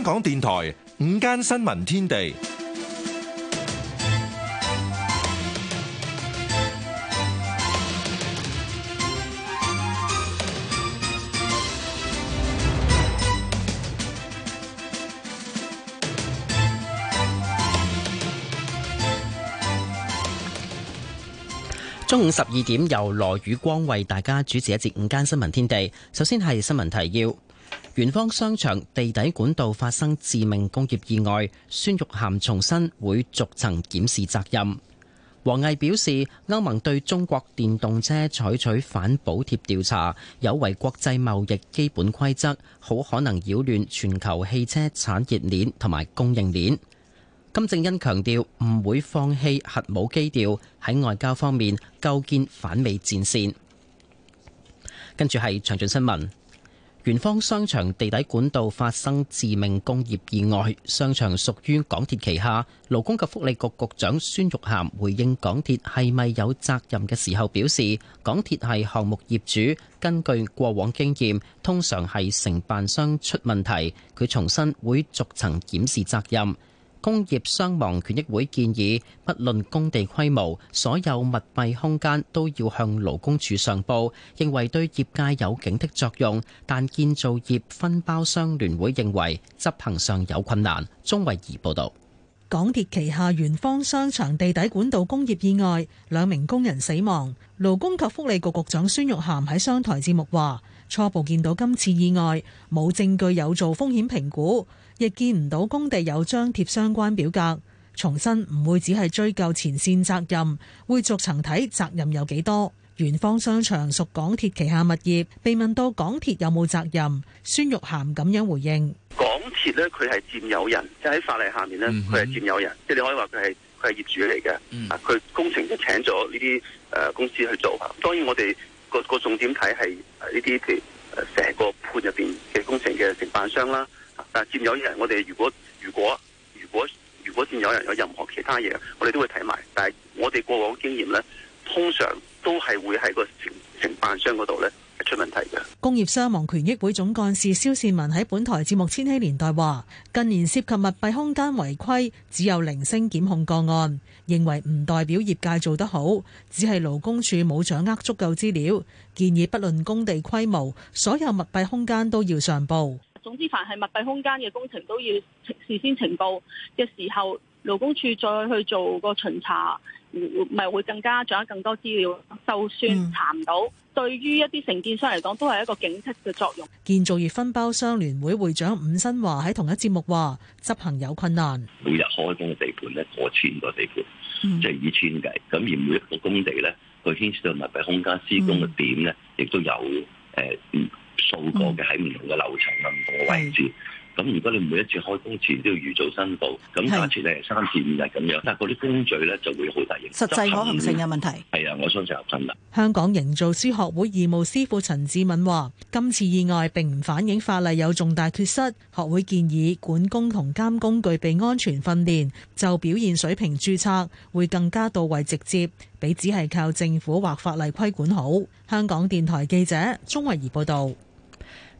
香港電台午間新聞天地，中午十二點由羅宇光為大家主持一節午間新聞天地。首先係新聞提要。圓方商場地底管道發生致命工業意外，孫玉菡重申會逐層檢視責任。王毅表示，歐盟對中國電動車採取反補貼調查，有違國際貿易基本規則，好可能擾亂全球汽車產業鏈同埋供應鏈。金正恩強調唔會放棄核武基調，喺外交方面構建反美戰線。跟住係詳盡新聞。圓方商場地底管道發生致命工業意外，商場屬於港鐵旗下。勞工及福利局局長孫玉菡回應港鐵係咪有責任嘅時候，表示港鐵係項目業主，根據過往經驗，通常係承辦商出問題。佢重申會逐層檢視責任。工業傷亡權益會建議，不論工地規模，所有密閉空間都要向勞工處上報認為對業界有警惕的作用。但建造業分包商聯會認為執行上有困難。鍾慧儀報道，港鐵旗下圓方商場地底管道工業意外，兩名工人死亡。勞工及福利局局長孫玉菡喺商台節目話：初步見到今次意外，冇證據有做風險評估。亦見唔到工地有張貼相關表格，重申唔會只係追究前線責任，會逐層睇責任有幾多。圓方商場屬港鐵旗下物業，被問到港鐵有冇責任，孫玉菡咁樣回應：港鐵呢，佢係佔有人，即、就、喺、是、法例下面呢，佢係佔有人，即係、mm hmm. 你可以話佢係佢係業主嚟嘅。佢工程都請咗呢啲誒公司去做，當然我哋、嗰個、嗰個重點睇係呢啲譬如成個判入邊嘅工程嘅承辦商啦。但係佔有人，我哋如果如果如果如果佔有人有任何其他嘢，我哋都會睇埋。但係我哋過往經驗呢，通常都係會喺個承承辦商嗰度呢出問題嘅。工業傷亡權益會總幹事蕭善文喺本台節目《千禧年代》話：近年涉及密閉空間違規，只有零星檢控個案，認為唔代表業界做得好，只係勞工處冇掌握足夠資料。建議不論工地規模，所有密閉空間都要上報。總之，凡係密閉空間嘅工程都要事先情報嘅時候，勞工處再去做個巡查，咪會更加掌握更多資料。就算查唔到，對於一啲承建商嚟講，都係一個警惕嘅作用。嗯。建造業分包商聯會會會長伍新華喺同一節目話：執行有困難。每日開工嘅地盤咧過千個地盤，即係以千計。咁而每一個工地咧，佢牽涉到密閉空間施工嘅點咧，亦都有誒。呃嗯、數個嘅喺唔同嘅流程、唔同位置。咁是如果你每一次開工前都要預早申報，咁假設你係三至五日咁樣，是但係嗰啲工序呢就會好大型。實際可行性嘅問題係啊，我相信合身啦。香港營造師學會義務師傅陳志敏話：今次意外並唔反映法例有重大缺失。學會建議管工同監工具，具備安全訓練，就表現水平註冊會更加到位直接，比只係靠政府或法例規管好。香港電台記者鍾慧儀報道。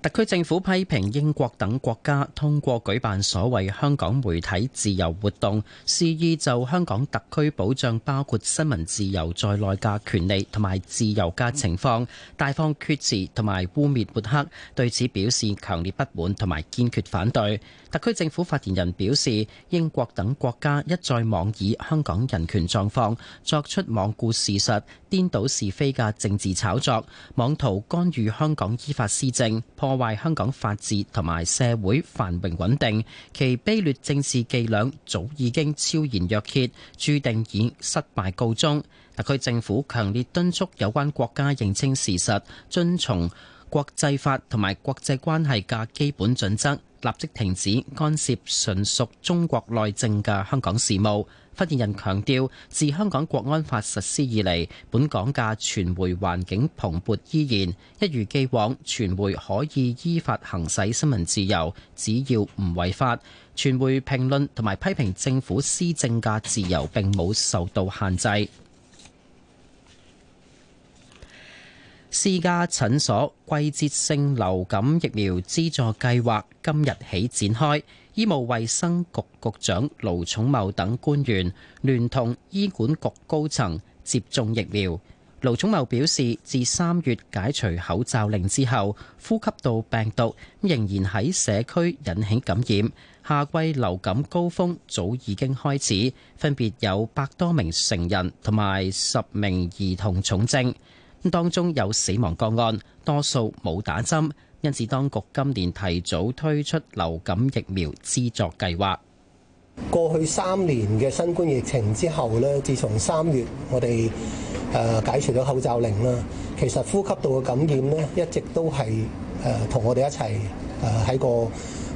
特區政府批評英國等國家通過舉辦所謂香港媒體自由活動，肆意就香港特區保障包括新聞自由在內嘅權利同埋自由嘅情況，大放厥詞同埋污蔑抹黑，對此表示強烈不滿同埋堅決反對。特區政府發言人表示，英國等國家一再妄議香港人權狀況，作出罔顧事實、顛倒是非嘅政治炒作，妄圖干預香港依法施政、破壞香港法治同埋社會繁榮穩定，其卑劣政治伎倆早已經超然若揭，注定以失敗告終。特區政府強烈敦促有關國家認清事實，遵從國際法同埋國際關係嘅基本準則。立即停止干涉純屬中國內政嘅香港事務。發言人強調，自香港國安法實施以嚟，本港嘅傳媒環境蓬勃依然，一如既往，傳媒可以依法行使新聞自由，只要唔違法。傳媒評論同埋批評政府施政嘅自由並冇受到限制。私家診所季節性流感疫苗資助計劃今日起展開，醫務衛生局局長盧寵茂等官員聯同醫管局高層接種疫苗。盧寵茂表示，自三月解除口罩令之後，呼吸道病毒仍然喺社區引起感染，夏季流感高峰早已經開始，分別有百多名成人同埋十名兒童重症。咁當中有死亡個案，多數冇打針，因此當局今年提早推出流感疫苗資助計劃。過去三年嘅新冠疫情之後呢，自從三月我哋誒解除咗口罩令啦，其實呼吸道嘅感染呢一直都係誒同我哋一齊誒喺個。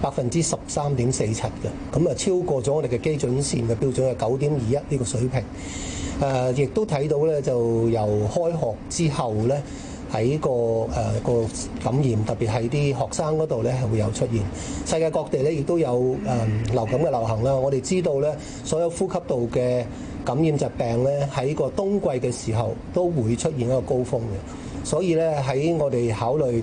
百分之十三點四七嘅，咁啊超過咗我哋嘅基準線嘅標準係九點二一呢個水平。誒、呃，亦都睇到咧，就由開學之後咧，喺個誒、呃、個感染，特別係啲學生嗰度咧，係會有出現。世界各地咧，亦都有誒、呃、流感嘅流行啦。我哋知道咧，所有呼吸道嘅感染疾病咧，喺個冬季嘅時候都會出現一個高峰嘅。所以咧，喺我哋考慮。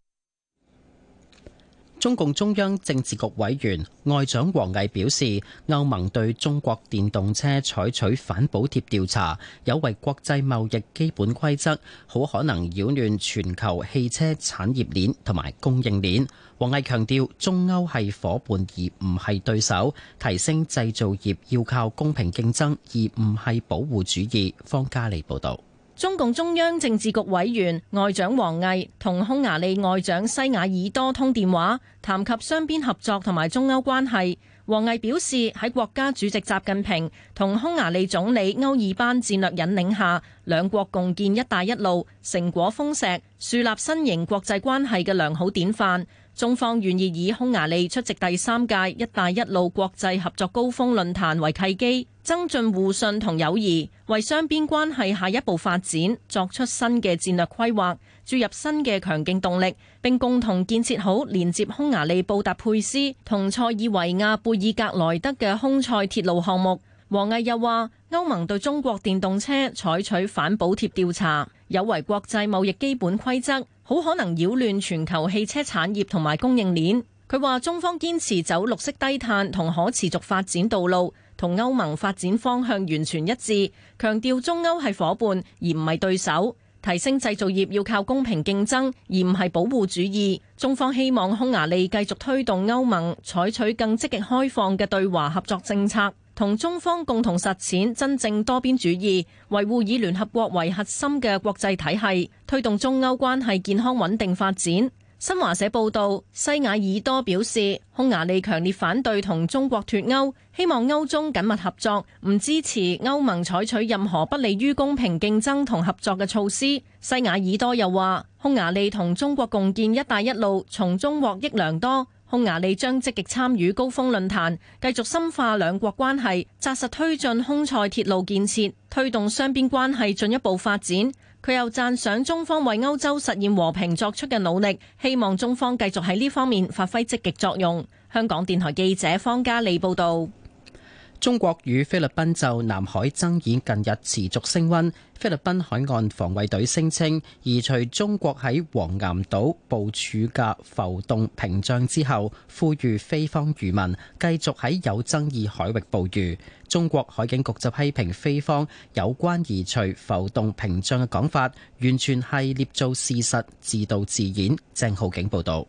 中共中央政治局委員外長王毅表示，歐盟對中國電動車採取反補貼調查，有違國際貿易基本規則，好可能擾亂全球汽車產業鏈同埋供應鏈。王毅強調，中歐係伙伴而唔係對手，提升製造業要靠公平競爭而唔係保護主義。方嘉利報道。中共中央政治局委員外長王毅同匈牙利外長西雅爾多通電話，談及雙邊合作同埋中歐關係，王毅表示，喺國家主席習近平同匈牙利總理歐爾班戰略引領下，兩國共建「一帶一路」成果豐碩，樹立新型國際關係嘅良好典範，中方願意以匈牙利出席第三屆「一帶一路」國際合作高峰論壇為契機，增進互信同友誼，為雙邊關係下一步發展作出新嘅戰略規劃，注入新嘅強勁動力。並共同建設好連接匈牙利布達佩斯同塞爾維亞貝爾格萊德嘅匈塞鐵路項目。王毅又話：歐盟對中國電動車採取反補貼調查，有違國際貿易基本規則，好可能擾亂全球汽車產業同埋供應鏈。佢話：中方堅持走綠色低碳同可持續發展道路。同歐盟發展方向完全一致，強調中歐係夥伴而唔係對手，提升製造業要靠公平競爭而唔係保護主義。中方希望匈牙利繼續推動歐盟採取更積極開放嘅對華合作政策，同中方共同實踐真正多邊主義，維護以聯合國為核心嘅國際體系，推動中歐關係健康穩定發展。新華社報道，西雅爾多表示，匈牙利強烈反對同中國脫鈎，希望歐中緊密合作，唔支持歐盟採取任何不利於公平競爭同合作嘅措施。西雅爾多又話，匈牙利同中國共建“一帶一路”，從中獲益良多。匈牙利將積極參與高峰論壇，繼續深化兩國關係，紮實推進匈塞鐵路建設，推動雙邊關係進一步發展。佢又讚賞中方為歐洲實現和平作出嘅努力，希望中方繼續喺呢方面發揮積極作用。香港電台記者方嘉莉報導。中國與菲律賓就南海爭議近日持續升温。菲律賓海岸防衛隊聲稱移除中國喺黃岩島部署嘅浮動屏障之後，呼籲菲方漁民繼續喺有爭議海域捕魚。中國海警局就批評菲方有關移除浮動屏障嘅講法，完全係捏造事實、自導自演。鄭浩景報道。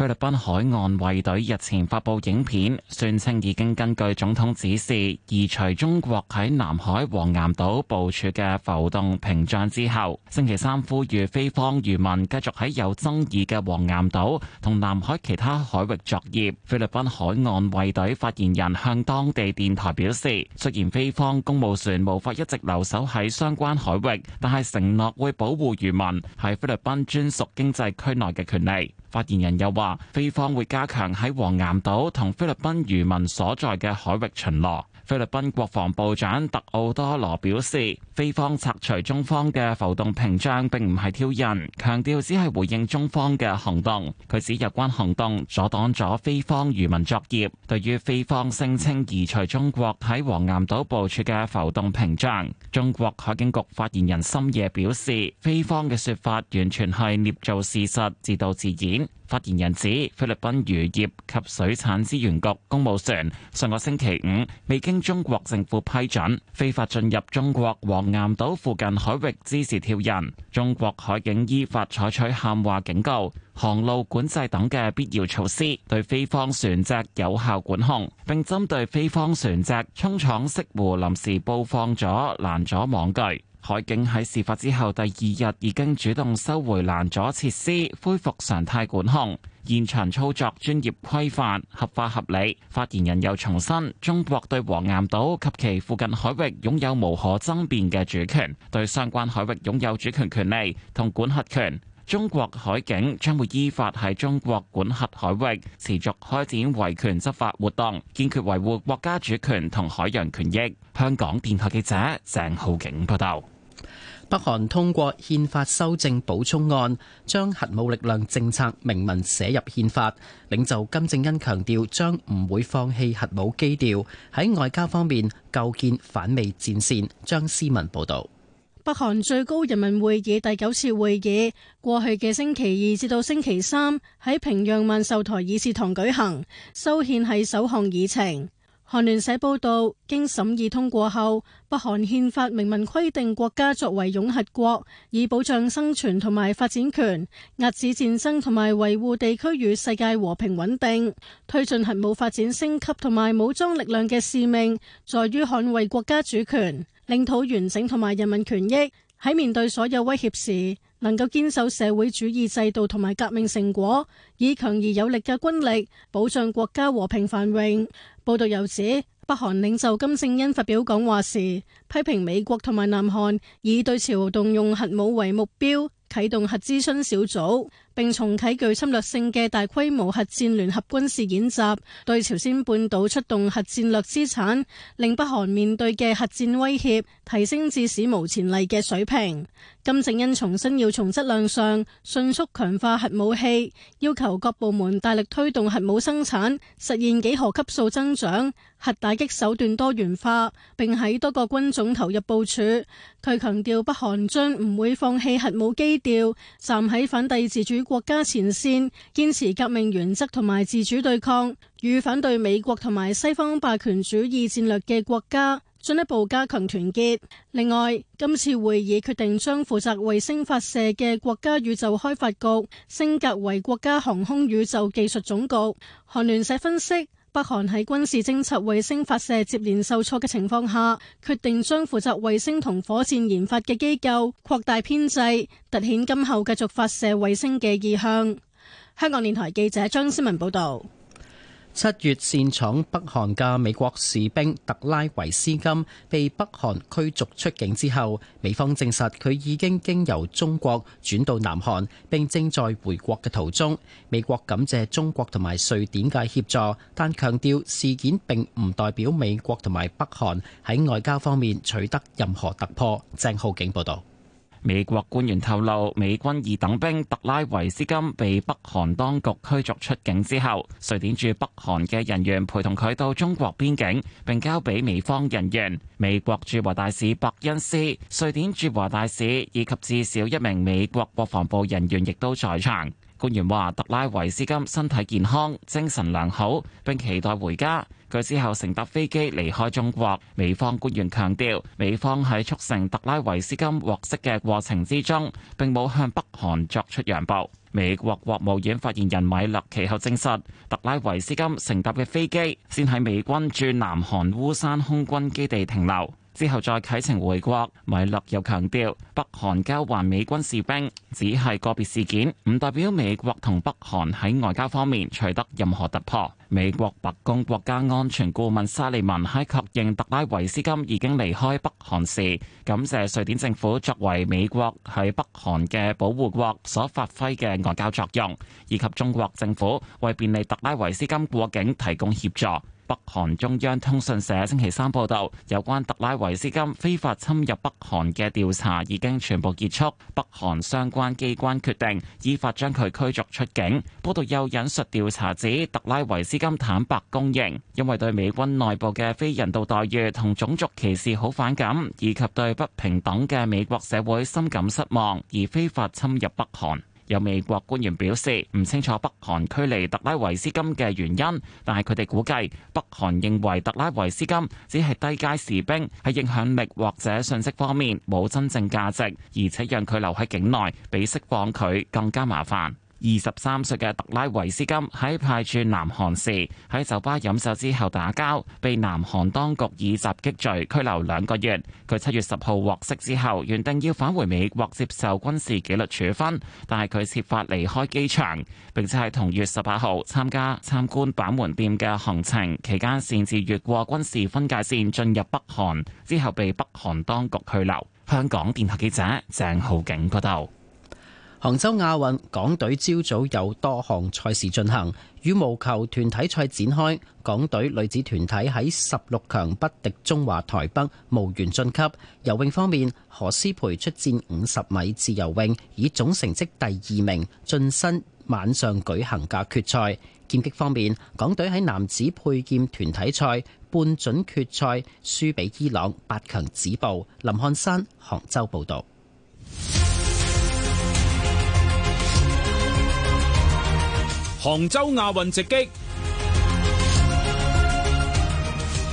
菲律賓海岸衛隊日前發布影片，宣稱已經根據總統指示移除中國喺南海黃岩島部署嘅浮動屏障之後，星期三呼籲菲方漁民繼續喺有爭議嘅黃岩島同南海其他海域作業。菲律賓海岸衛隊發言人向當地電台表示，雖然菲方公務船無法一直留守喺相關海域，但係承諾會保護漁民喺菲律賓專屬經濟區內嘅權利。發言人又話：菲方會加強喺黃岩島同菲律賓漁民所在嘅海域巡邏。菲律賓國防部長特奧多羅表示。菲方拆除中方嘅浮動屏障，並唔係挑釁，強調只係回應中方嘅行動。佢指有關行動阻擋咗菲方漁民作業。對於菲方聲稱移除中國喺黃岩島部署嘅浮動屏障，中國海警局發言人深夜表示，菲方嘅說法完全係捏造事實、自導自演。發言人指，菲律賓漁業業及水產資源局公務船上個星期五未經中國政府批准，非法進入中國黃。岩島附近海域滋事挑釁，中國海警依法採取喊話警告、航路管制等嘅必要措施，對菲方船隻有效管控，並針對菲方船隻衝闖潟湖，臨時布放咗攔阻網具。海警喺事發之後第二日已經主動收回攔阻設施，恢復常態管控，現場操作專業規範、合法合理。發言人又重申，中國對黃岩島及其附近海域擁有無可爭辯嘅主權，對相關海域擁有主權權利同管轄權。中國海警將會依法喺中國管轄海域持續開展維權執法活動，堅決維護國家主權同海洋權益。香港電台記者鄭浩景報道。北韓通過憲法修正補充案，將核武力量政策明文寫入憲法。領袖金正恩強調，將唔會放棄核武基調。喺外交方面，構建反美戰線。張思文報道。北韓最高人民會議第九次會議過去嘅星期二至到星期三喺平壤萬壽台議事堂舉行，修憲係首項議程。韓聯社報道，經審議通過後，北韓憲法明文規定，國家作為擁核國，以保障生存同埋發展權，遏止戰爭同埋維護地區與世界和平穩定，推進核武發展升級同埋武裝力量嘅使命，在於捍衛國家主權。領土完整同埋人民權益喺，面對所有威脅時，能夠堅守社會主義制度同埋革命成果，以強而有力嘅軍力保障國家和平繁榮。報道又指，北韓領袖金正恩發表講話時，批評美國同埋南韓以對朝動用核武為目標，啟動核諮詢小組。並重啟具侵略性嘅大規模核戰聯合軍事演習，對朝鮮半島出動核戰略資產，令北韓面對嘅核戰威脅提升至史無前例嘅水平。金正恩重新要從質量上迅速強化核武器，要求各部門大力推動核武生產，實現幾何級數增長，核打擊手段多元化，並喺多個軍種投入部署。佢強調北韓將唔會放棄核武基調，站喺反帝自主，國家前線堅持革命原則同埋自主對抗，與反對美國同埋西方霸權主義戰略嘅國家進一步加強團結。另外，今次會議決定將負責衛星發射嘅國家宇宙開發局升格為國家航空宇宙技術總局。韓聯社分析，北韓喺軍事偵察衛星發射接連受挫嘅情況下，決定將負責衛星同火箭研發嘅機構擴大編制，突顯今後繼續發射衛星嘅意向。香港電台記者張思文報道。七月擅闖北韓嘅美國士兵特拉維斯金被北韓驅逐出境之後，美方證實佢已經經由中國轉到南韓，並正在回國嘅途中。美國感謝中國同埋瑞典嘅協助，但強調事件並唔代表美國同埋北韓喺外交方面取得任何突破。鄭浩景報道。美國官員透露，美軍二等兵特拉維斯金被北韓當局驅逐出境之後，瑞典駐北韓嘅人員陪同佢到中國邊境，並交俾美方人員。美國駐華大使伯恩斯、瑞典駐華大使以及至少一名美國國防部人員亦都在場。官員話，特拉維斯金身體健康、精神良好，並期待回家。佢之後乘搭飛機離開中國。美方官員強調，美方喺促成特拉維斯金獲釋嘅過程之中，並冇向北韓作出讓步。美國國務院發言人米勒其後證實，特拉維斯金乘搭嘅飛機先喺美軍駐南韓烏山空軍基地停留。之後再啟程回國。米勒又強調，北韓交還美軍士兵只係個別事件，唔代表美國同北韓喺外交方面取得任何突破。美國白宮國家安全顧問沙利文喺確認特拉維斯金已經離開北韓時，感謝瑞典政府作為美國喺北韓嘅保護國所發揮嘅外交作用，以及中國政府為便利特拉維斯金過境提供協助。北韓中央通訊社星期三報道，有關特拉維斯金非法侵入北韓嘅調查已經全部結束，北韓相關機關決定依法將佢驅逐出境。報道又引述調查指，特拉維斯金坦白供認，因為對美軍內部嘅非人道待遇同種族歧視好反感，以及對不平等嘅美國社會深感失望，而非法侵入北韓。有美國官員表示唔清楚北韓驅離特拉維斯金嘅原因，但係佢哋估計北韓認為特拉維斯金只係低階士兵，喺影響力或者信息方面冇真正價值，而且讓佢留喺境內比釋放佢更加麻煩。二十三歲嘅特拉維斯金喺派駐南韓時，喺酒吧飲酒之後打交，被南韓當局以襲擊罪拘留兩個月。佢七月十號獲釋之後，原定要返回美國接受軍事紀律處分，但係佢設法離開機場，並且係同月十八號參加參觀板門店嘅行程，期間擅自越過軍事分界線進入北韓，之後被北韓當局拘留。香港電台記者鄭浩景報道。杭州亞運，港隊朝早有多項賽事進行，羽毛球團體賽展開，港隊女子團體喺十六強不敵中華台北無，無緣晉級。游泳方面，何思培出戰五十米自由泳，以總成績第二名晉身晚上舉行嘅決賽。劍擊方面，港隊喺男子佩劍團體賽半準決賽輸俾伊朗，八強止步。林漢山，杭州報道。杭州亞運直擊，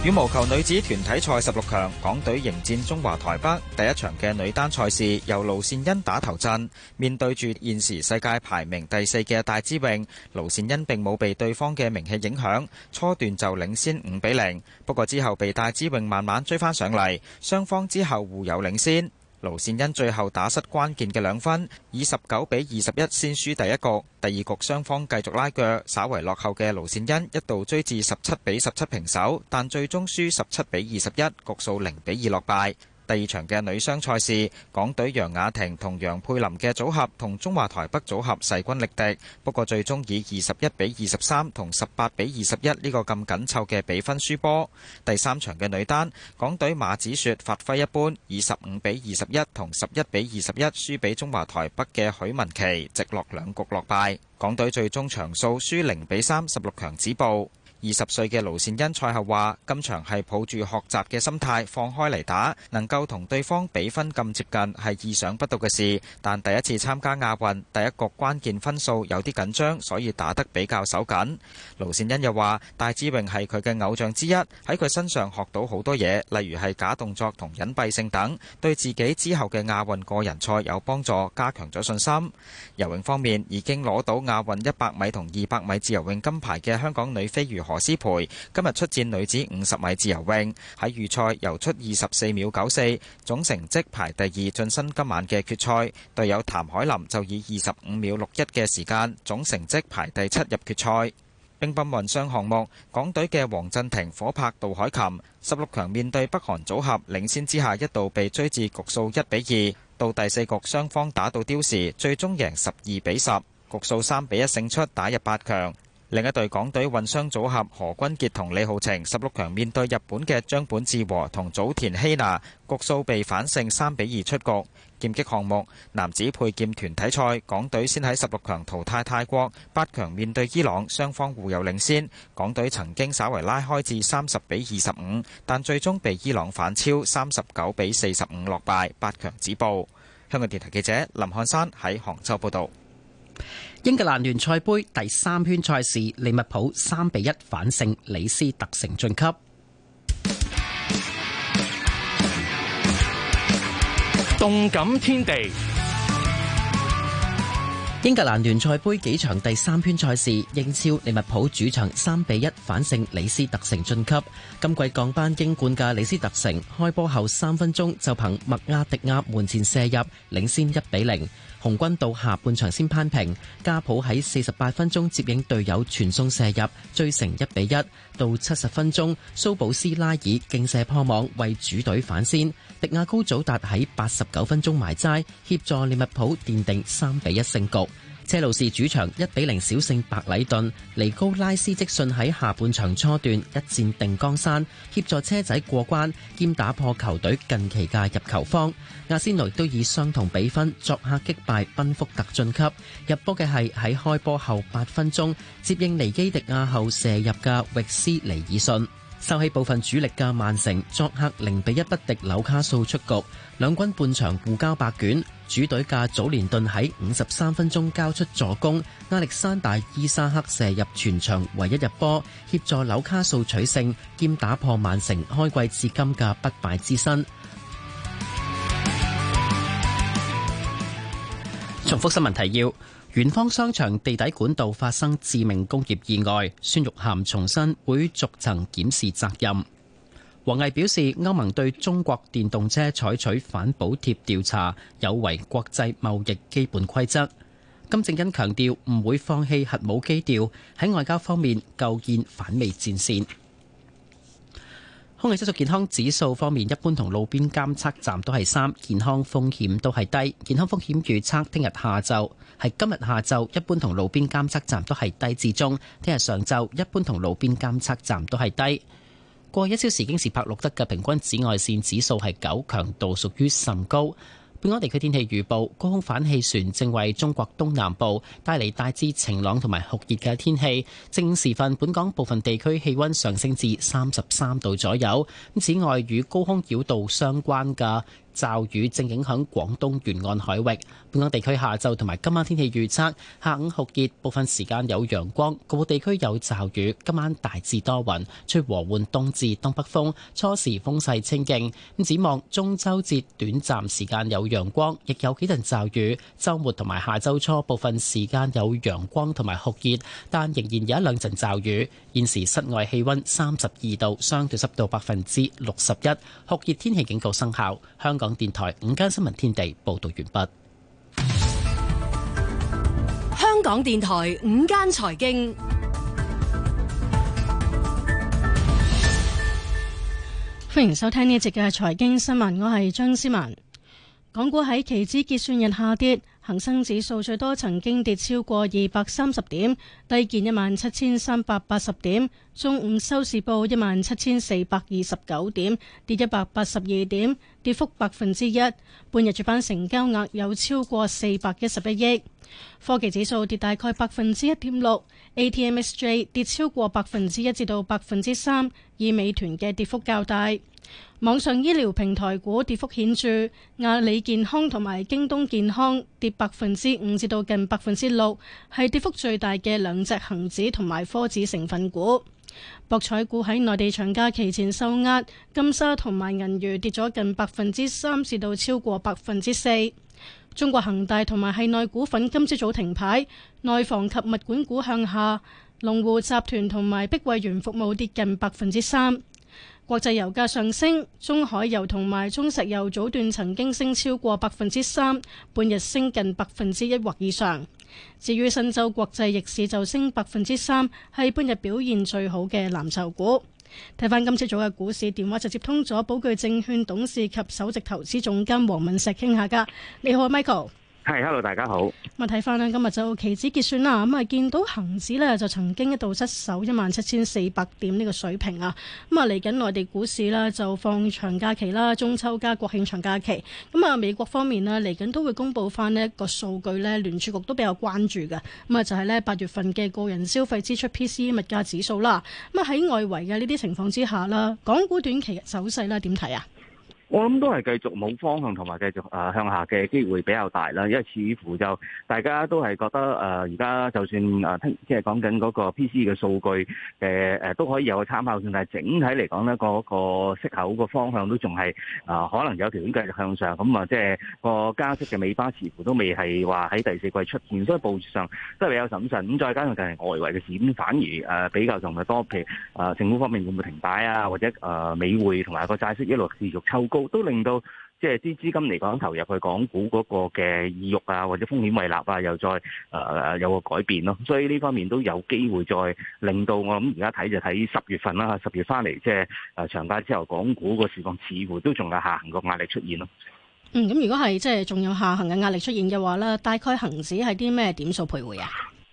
羽毛球女子團體賽十六強，港隊迎戰中華台北。第一場嘅女單賽事由盧善恩打頭陣，面對住現時世界排名第四嘅戴資穎。盧善恩並冇被對方嘅名氣影響，初段就領先五比零。不過之後被戴資穎慢慢追翻上嚟，雙方之後互有領先。盧善恩最後打失關鍵嘅兩分，以十九比二十一先輸第一局。第二局雙方繼續拉鋸，稍為落後嘅盧善恩一度追至十七比十七平手，但最終輸十七比二十一，局數零比二落敗。第二場嘅女雙賽事，港隊楊雅婷同楊佩琳嘅組合同中華台北組合勢均力敵，不過最終以二十一比二十三同十八比二十一呢個咁緊湊嘅比分輸波。第三場嘅女單，港隊馬子雪發揮一般，以十五比二十一同十一比二十一輸俾中華台北嘅許文琪，直落兩局落敗。港隊最終場數輸零比三，十六強止步。二十歲嘅盧善恩賽後話：今場係抱住學習嘅心態，放開嚟打，能夠同對方比分咁接近係意想不到嘅事。但第一次參加亞運，第一局關鍵分數有啲緊張，所以打得比較手緊。盧善恩又話：戴資穎係佢嘅偶像之一，喺佢身上學到好多嘢，例如係假動作同隱蔽性等，對自己之後嘅亞運個人賽有幫助，加強咗信心。游泳方面，已經攞到亞運一百米同二百米自由泳金牌嘅香港女飛魚。何詩蓓今日出戰女子五十米自由泳，喺預賽游出二十四秒九四，總成績排第二，晉身今晚嘅決賽。隊友譚凱琳就以二十五秒六一嘅時間，總成績排第七入決賽。乒乓混雙項目，港隊嘅黃鎮廷夥拍杜凱琹十六強面對北韓組合領先之下，一度被追至局數一比二，到第四局雙方打到刁時，最終贏十二比十，局數三比一勝出，打入八強。另一隊港隊混雙組合何鈞傑同李皓晴十六強面對日本嘅張本智和同早田希娜，局數被反勝三比二出局。劍擊項目男子佩劍團體賽，港隊先喺十六強淘汰泰國，八強面對伊朗，雙方互有領先，港隊曾經稍為拉開至三十比二十五，但最終被伊朗反超三十九比四十五落敗，八強止步。香港電台記者林漢山喺杭州報道。英格蘭聯賽盃第三圈賽事，利物浦三比一反勝李斯特城晉級。動感天地，英格蘭聯賽盃幾場第三圈賽事，英超利物浦主場三比一反勝李斯特城晉級。今季降班英冠嘅李斯特城，開波後三分鐘就憑麥亞迪亞門前射入，領先一比零。紅軍到下半場先攀平，加普喺四十八分鐘接應隊友傳送射入，追成一比一。到七十分鐘，蘇保斯拉爾勁射破網，為主隊反先。迪亞高祖達喺八十九分鐘埋齋，協助利物浦奠定三比一勝局。車路士主場一比零小勝白禮頓，尼高拉斯積臣喺下半場初段一戰定江山，協助車仔過關兼打破球隊近期嘅入球荒。阿仙奴都以相同比分作客擊敗賓福特晉級，入波嘅係喺開波後八分鐘接應尼基迪亞後射入嘅域斯尼爾遜。收起部分主力嘅曼城作客零比一不敵紐卡素出局，兩軍半場互交白卷。主隊嘅祖連頓喺五十三分鐘交出助攻，亞力山大伊沙克射入全場唯一入波，協助紐卡素取勝兼打破曼城開季至今嘅不敗之身。重複新聞提要：圓方商場地底管道發生致命工業意外，孫玉菡重申會逐層檢視責任。王毅表示，歐盟對中國電動車採取反補貼調查，有違國際貿易基本規則。金正恩強調唔會放棄核武基調，喺外交方面構建反美戰線。空氣質素健康指數方面，一般同路邊監測站都係三，健康風險都係低，低。健康風險預測聽日下晝，係今日下晝，一般同路邊監測站都係低至中。聽日上晝一般同路邊監測站都係低。過去一小時，京士柏錄得嘅平均紫外線指數係九，強度屬於甚高。本港地區天氣預報，高空反氣旋正為中國東南部帶嚟大致晴朗同埋酷熱嘅天氣。正時分，本港部分地區氣温上升至三十三度左右。咁此外，與高空擾動相關嘅。驟雨正影響廣東沿岸海域。本港地區下晝同埋今晚天氣預測，下午酷熱，部分時間有陽光。局部地區有驟雨，今晚大致多雲，吹和緩東至東北風，初時風勢清勁。咁展望中秋節短暫時間有陽光，亦有幾陣驟雨。周末同埋下周初部分時間有陽光同埋酷熱，但仍然有一兩陣驟雨。現時室外氣溫三十二度，相對濕度百分之六十一，酷熱天氣警告生效。香港。香港電台午間新聞天地報道完畢。香港電台午間財經，歡迎收聽呢一節嘅財經新聞，我係張思文。港股喺期指結算日下跌。恒生指數最多曾經跌超過二百三十點，低見一萬七千三百八十點，中午收市報一萬七千四百二十九點，跌一百八十二點，跌幅百分之一。半日主板成交額有超過四百一十一億。科技指數跌大概百分之一點六，ATM SJ 跌超過百分之一至到百分之三，以美團嘅跌幅較大。網上醫療平台股跌幅顯著，阿里健康同埋京東健康跌百分之五至到近百分之六，係跌幅最大嘅兩隻恒指同埋科指成分股。博彩股喺內地長假期前受壓，金沙同埋銀娛跌咗近百分之三至到超過百分之四。中國恒大同埋係內股份今朝早停牌，內房及物管股向下，龍湖集團同埋碧桂園服務跌近百分之三。國際油價上升，中海油同埋中石油早段曾經升超過百分之三，半日升近百分之一或以上。至於新洲國際逆市就升百分之三，係半日表現最好嘅藍籌股。睇翻今朝早嘅股市電話，就接通咗寶具證券董事及首席投資總監黃敏石傾下㗎。你好，Michael。hello 大家好。咁啊，睇翻咧，今日就期指結算啦。咁啊，見到恒指呢，就曾經一度失守一萬七千四百點呢個水平啊。咁啊，嚟緊內地股市咧就放長假期啦，中秋加國慶長假期。咁、嗯、啊，美國方面呢，嚟緊都會公布翻呢一個數據咧，聯儲局都比較關注嘅。咁、嗯、啊，就係呢八月份嘅個人消費支出 P C E 物價指數啦。咁、嗯、啊，喺外圍嘅呢啲情況之下啦，港股短期嘅走勢咧點睇啊？我諗都係繼續冇方向同埋繼續啊向下嘅機會比較大啦，因為似乎就大家都係覺得誒而家就算誒即係講緊嗰個 PC 嘅數據誒誒、呃、都可以有個參考性，但係整體嚟講咧，嗰個息口個方向都仲係啊可能有條件繼續向上，咁啊即係個加息嘅尾巴似乎都未係話喺第四季出現，所以佈局上都係比較審慎。咁再加上近期外圍嘅事，咁反而誒、呃、比較仲係多，譬如誒、呃、政府方面會唔會停擺啊，或者誒、呃、美匯同埋個債息一路持續抽高。都令到即係啲資金嚟講投入去港股嗰個嘅意欲啊，或者風險位立啊，又再誒、呃、有個改變咯、啊。所以呢方面都有機會再令到我諗而家睇就睇十月份啦、啊。十月翻嚟即係誒長假之後，港股個市況似乎都仲有下行個壓力出現咯、啊。嗯，咁如果係即係仲有下行嘅壓力出現嘅話咧，大概恒指係啲咩點數徘徊啊？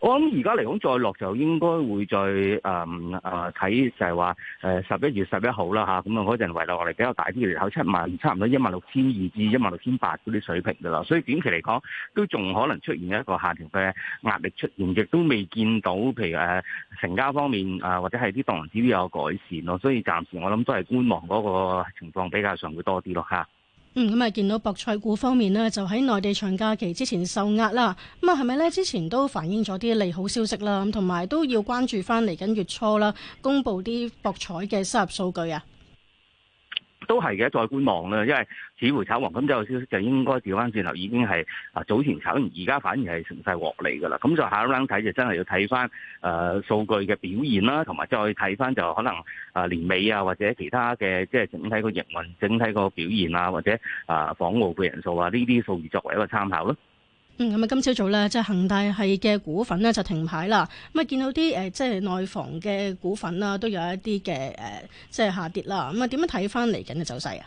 我諗而家嚟講再落就應該會再誒誒睇就係話誒十一月十一號啦嚇，咁啊嗰陣回落嚟比較大啲，嚟、呃、到七萬差唔多一萬六千二至一萬六千八嗰啲水平噶啦，所以短期嚟講都仲可能出現一個下調嘅壓力出現，亦都未見到譬如誒、呃、成交方面啊、呃、或者係啲檔指標有改善咯，所以暫時我諗都係觀望嗰個情況比較上會多啲咯嚇。啊嗯，咁啊，見到博彩股方面咧，就喺內地長假期之前受壓啦。咁係咪之前都反映咗啲利好消息啦，咁同埋都要關注翻嚟緊月初啦，公布啲博彩嘅收入數據。都係嘅，再觀望啦，因為此回炒黃金之後消息就應該調翻轉頭，已經係啊早前炒，而家反而係成勢獲利噶啦。咁就下一 round 睇就真係要睇翻誒數據嘅表現啦，同埋再睇翻就可能、呃、啊年尾啊或者其他嘅即係整體個營運、整體個表現啊或者啊訪澳嘅人數啊呢啲數字作為一個參考咯。嗯，咁啊，今朝早咧，即係恒大係嘅股份咧就停牌啦。咁啊，見到啲誒、呃，即係內房嘅股份啦，都有一啲嘅誒，即係下跌啦。咁啊，點樣睇翻嚟緊嘅走勢啊？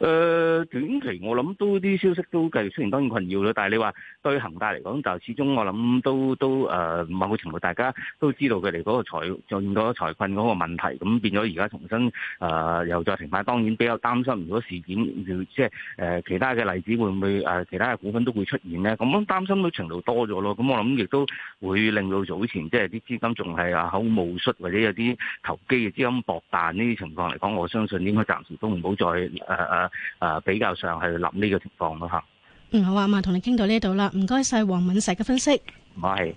誒、呃、短期我諗都啲消息都繼續雖然當然困擾啦，但係你話對恒大嚟講，就始終我諗都都誒、呃、某個程度大家都知道佢哋嗰個財進嗰財困嗰個問題，咁變咗而家重新誒、呃、又再停牌，當然比較擔心，如果事件即係誒其他嘅例子會唔會誒、呃、其他嘅股份都會出現咧？咁擔心嘅程度多咗咯。咁我諗亦都會令到早前即係啲資金仲係口無術或者有啲投機嘅資金薄。但呢啲情況嚟講，我相信應該暫時都唔好再誒誒。呃呃呃誒，比較上去諗呢個情況咯，吓。嗯，好啊，嘛，同你傾到呢度啦，唔該晒黃敏石嘅分析。唔係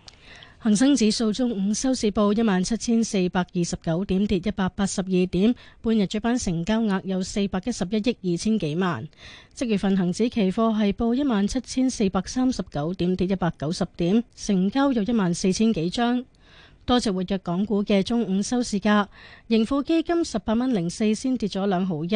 恒生指數中午收市報一萬七千四百二十九點，跌一百八十二點。半日主板成交額有四百一十一億二千幾萬。即月份恒指期貨係報一萬七千四百三十九點，跌一百九十點，成交有一萬四千幾張。多隻活躍港股嘅中午收市價，盈富基金十八蚊零四先跌咗兩毫一，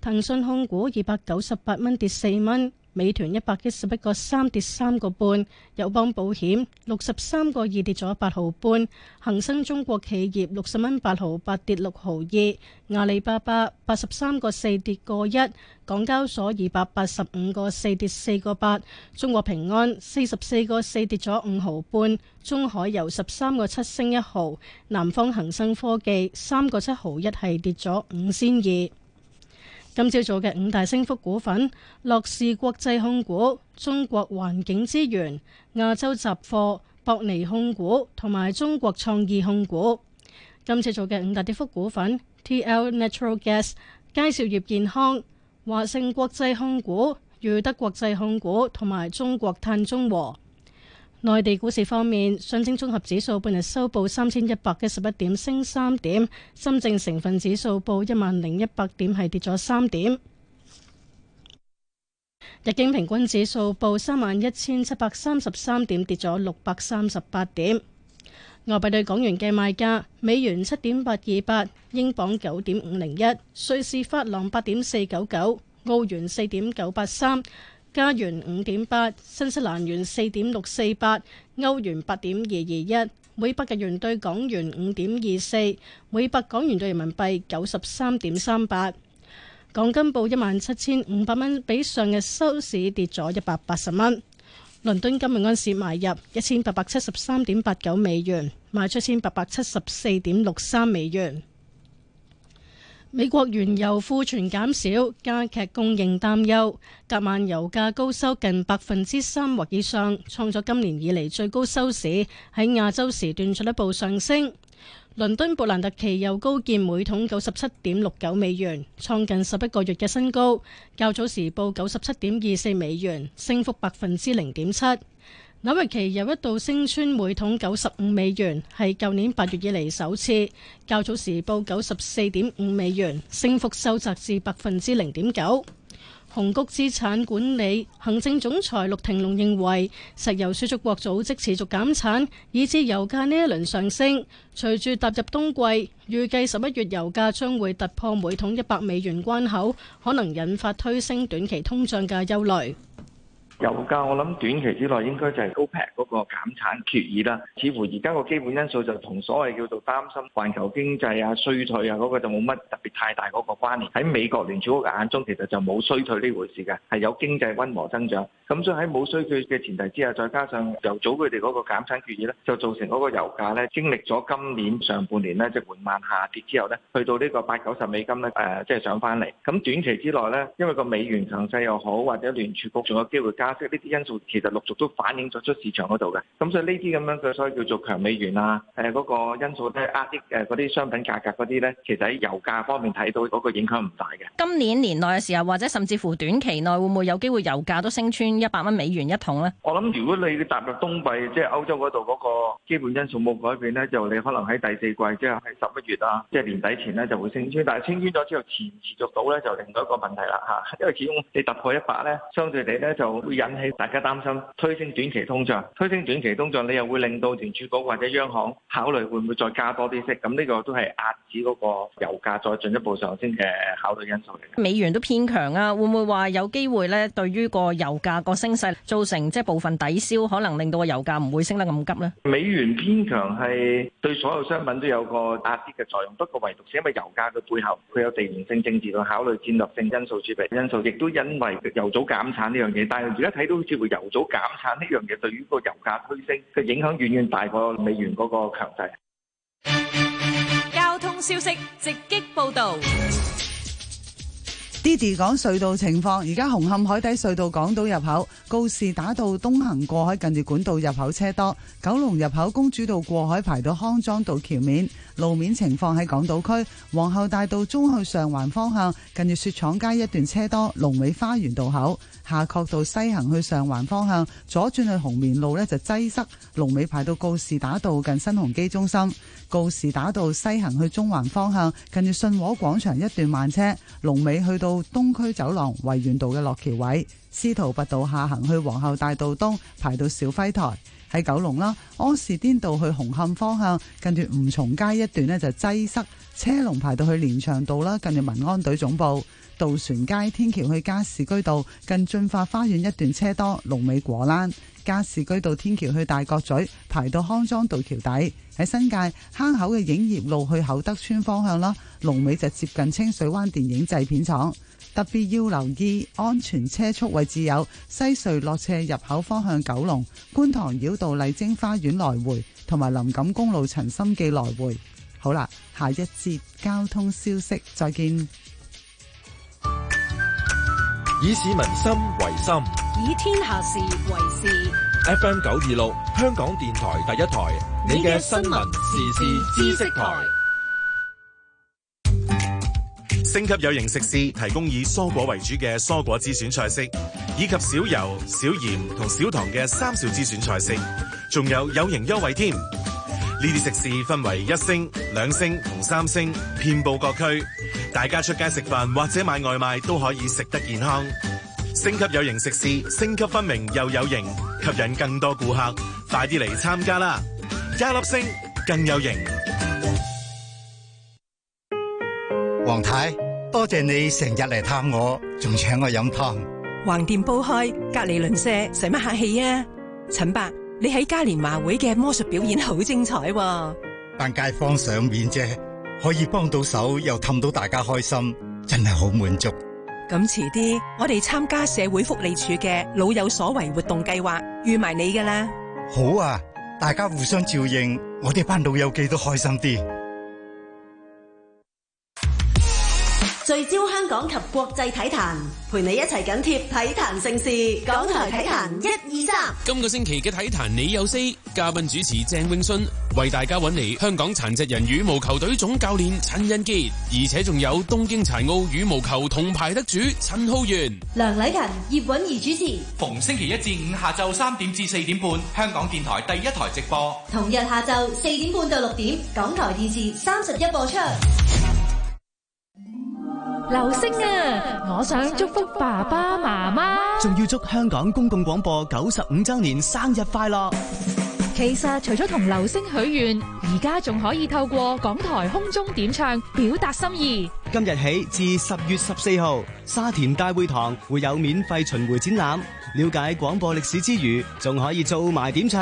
騰訊控股二百九十八蚊跌四蚊。美團一百一十一個三跌三個半，友邦保險六十三個二跌咗八毫半，恒生中國企業六十蚊八毫八跌六毫二，阿里巴巴八十三個四跌過一，港交所二百八十五個四跌四個八，中國平安四十四個四跌咗五毫半，中海油十三個七升一毫，南方恒生科技三個七毫一係跌咗五仙二。今朝做嘅五大升幅股份：樂視國際控股、中國環境資源、亞洲集貨、博尼控股同埋中國創意控股。今次做嘅五大跌幅股份：T L Natural Gas、佳兆業健康、華盛國際控股、裕德國際控股同埋中國碳中和。內地股市方面，上證綜合指數半日收報三千一百一十一點，升三點；深證成分指數報一萬零一百點，係跌咗三點；日經平均指數報三萬一千七百三十三點，跌咗六百三十八點。外幣對港元嘅賣價：美元七點八二八，英鎊九點五零一，瑞士法郎八點四九九，澳元四點九八三。加元五點八，8，新西蘭元四點六四八，歐元八點二二一，每百日元對港元五點二四，每百港元對人民幣九十三點三八。港金報一萬七千五百蚊，比上日收市跌咗一百八十蚊。倫敦金每盎司買入一千八百七十三點八九美元，賣出一千八百七十四點六三美元。美國原油庫存減少，加劇供應擔憂，隔晚油價高收近百分之三或以上，創咗今年以嚟最高收市。喺亞洲時段進一步上升，倫敦布蘭特期油高見每桶九十七點六九美元，創近十一個月嘅新高。較早時報九十七點二四美元，升幅百分之零點七。紐約期油一度升穿每桶九十五美元，係舊年八月以嚟首次。較早時報九十四點五美元，升幅收窄至百分之零點九。紅谷資產管理行政總裁陸庭龍認為，石油輸出國組織持續減產，以致油價呢一輪上升。隨住踏入冬季，預計十一月油價將會突破每桶一百美元關口，可能引發推升短期通脹嘅憂慮。有㗎，油價我諗短期之內應該就係 OPEC 嗰個減產決議啦。似乎而家個基本因素就同所謂叫做擔心環球經濟啊、衰退啊嗰個就冇乜特別太大嗰個關聯。喺美國聯儲局眼中其實就冇衰退呢回事㗎，係有經濟溫和增長。咁所以喺冇衰退嘅前提之下，再加上由早佢哋嗰個減產決議咧，就造成嗰個油價咧經歷咗今年上半年咧即係緩慢下跌之後咧，去到呢個八九十美金咧誒即係上翻嚟。咁短期之內咧，因為個美元強勢又好，或者聯儲局仲有機會加。即係呢啲因素，其實陸續都反映咗出市場嗰度嘅。咁所以呢啲咁樣嘅，所以叫做強美元啊，誒嗰個因素咧，壓抑誒啲商品價格嗰啲咧，其實喺油價方面睇到嗰個影響唔大嘅。今年年內嘅時候，或者甚至乎短期內，會唔會有機會油價都升穿一百蚊美元一桶咧？我諗如果你踏入冬季，即係歐洲嗰度嗰個基本因素冇改變咧，就你可能喺第四季，即係十一月啊，即係年底前咧就會升穿。但係升穿咗之後，持唔持續到咧，就另一個問題啦嚇。因為始終你突破一百咧，相對地咧就會引起大家擔心推升短期通脹，推升短期通脹，你又會令到聯儲局或者央行考慮會唔會再加多啲息？咁呢個都係壓止嗰個油價再進一步上升嘅考慮因素嚟嘅。美元都偏強啊，會唔會話有機會咧？對於個油價個升勢造成即係、就是、部分抵消，可能令到個油價唔會升得咁急咧？美元偏強係對所有商品都有個壓啲嘅作用，不過唯獨係因為油價嘅背後佢有地緣性政治嘅考慮、戰略性因素、儲備因素，亦都因為油早減產呢樣嘢帶而家睇到好似油組減產呢樣嘢，對於個油價推升嘅影響，遠遠大過美元嗰個強勢。交通消息直擊報道。d i d 講隧道情況，而家紅磡海底隧道港島入口告士打道東行過海，近住管道入口車多；九龍入口公主道過海排到康莊道橋面。路面情況喺港島區皇后大道中去上環方向，近住雪廠街一段車多；龍尾花園道口夏慤道西行去上環方向，左轉去紅棉路呢就擠塞，龍尾排到告士打道近新鴻基中心。告士打道西行去中環方向，近住信和廣場一段慢車；龍尾去到東區走廊維園道嘅落橋位；司徒拔道下行去皇后大道東，排到肇輝臺喺九龍啦；柯士甸道去紅磡方向，近住吳松街一段呢就擠塞，車龍排到去連翔道啦，近住民安隊總部；渡船街天橋去加士居道，近駿發花園一段車多，龍尾果欄。加士居道天橋去大角咀，排到康莊道橋底；喺新界坑口嘅影業路去厚德村方向啦。龍尾就接近清水灣電影製片廠。特別要留意安全車速位置有西隧落斜入口方向九龍觀塘繞道麗晶花園來回，同埋林錦公路陳心記來回。好啦，下一節交通消息，再見。以市民心為心，以天下事為事。FM 九二六，香港電台第一台，你嘅新聞、時事、知識台。星級有營食肆提供以蔬果為主嘅蔬果之選菜式，以及少油、少鹽同少糖嘅三少之選菜式，仲有有營優惠添。呢啲食肆分為一星、兩星同三星，遍布各區。大家出街食飯或者買外賣都可以食得健康，星級有型食肆，星級分明又有型，吸引更多顧客，快啲嚟參加啦！一粒星更有型。黃太，多謝你成日嚟探我，仲請我飲湯。橫掂煲開，隔籬鄰舍使乜客氣啊？陳伯，你喺嘉年華會嘅魔術表演好精彩喎、啊。扮街坊賞面啫。可以幫到手，又氹到大家開心，真係好滿足。咁遲啲，我哋參加社會福利署嘅老有所為活動計劃，預埋你噶啦。好啊，大家互相照應，我哋班老友記都開心啲。聚焦香港及國際體壇，陪你一齊緊貼體壇盛事。港台體壇一二三。今個星期嘅體壇你有 C 嘉賓主持鄭永信，為大家揾嚟香港殘疾人羽毛球隊總教練陳恩杰，而且仲有東京殘奧羽毛球銅牌得主陳浩源、梁禮勤、葉韻儀主持。逢星期一至五下晝三點至四點半，香港電台第一台直播；同日下晝四點半到六點，港台電視三十一播出。流星啊，我想祝福爸爸媽媽，仲要祝香港公共廣播九十五周年生日快樂。其實除咗同流星許願，而家仲可以透過港台空中點唱表達心意。今日起至十月十四號，沙田大會堂會有免費巡回展覽，了解廣播歷史之餘，仲可以做埋點唱。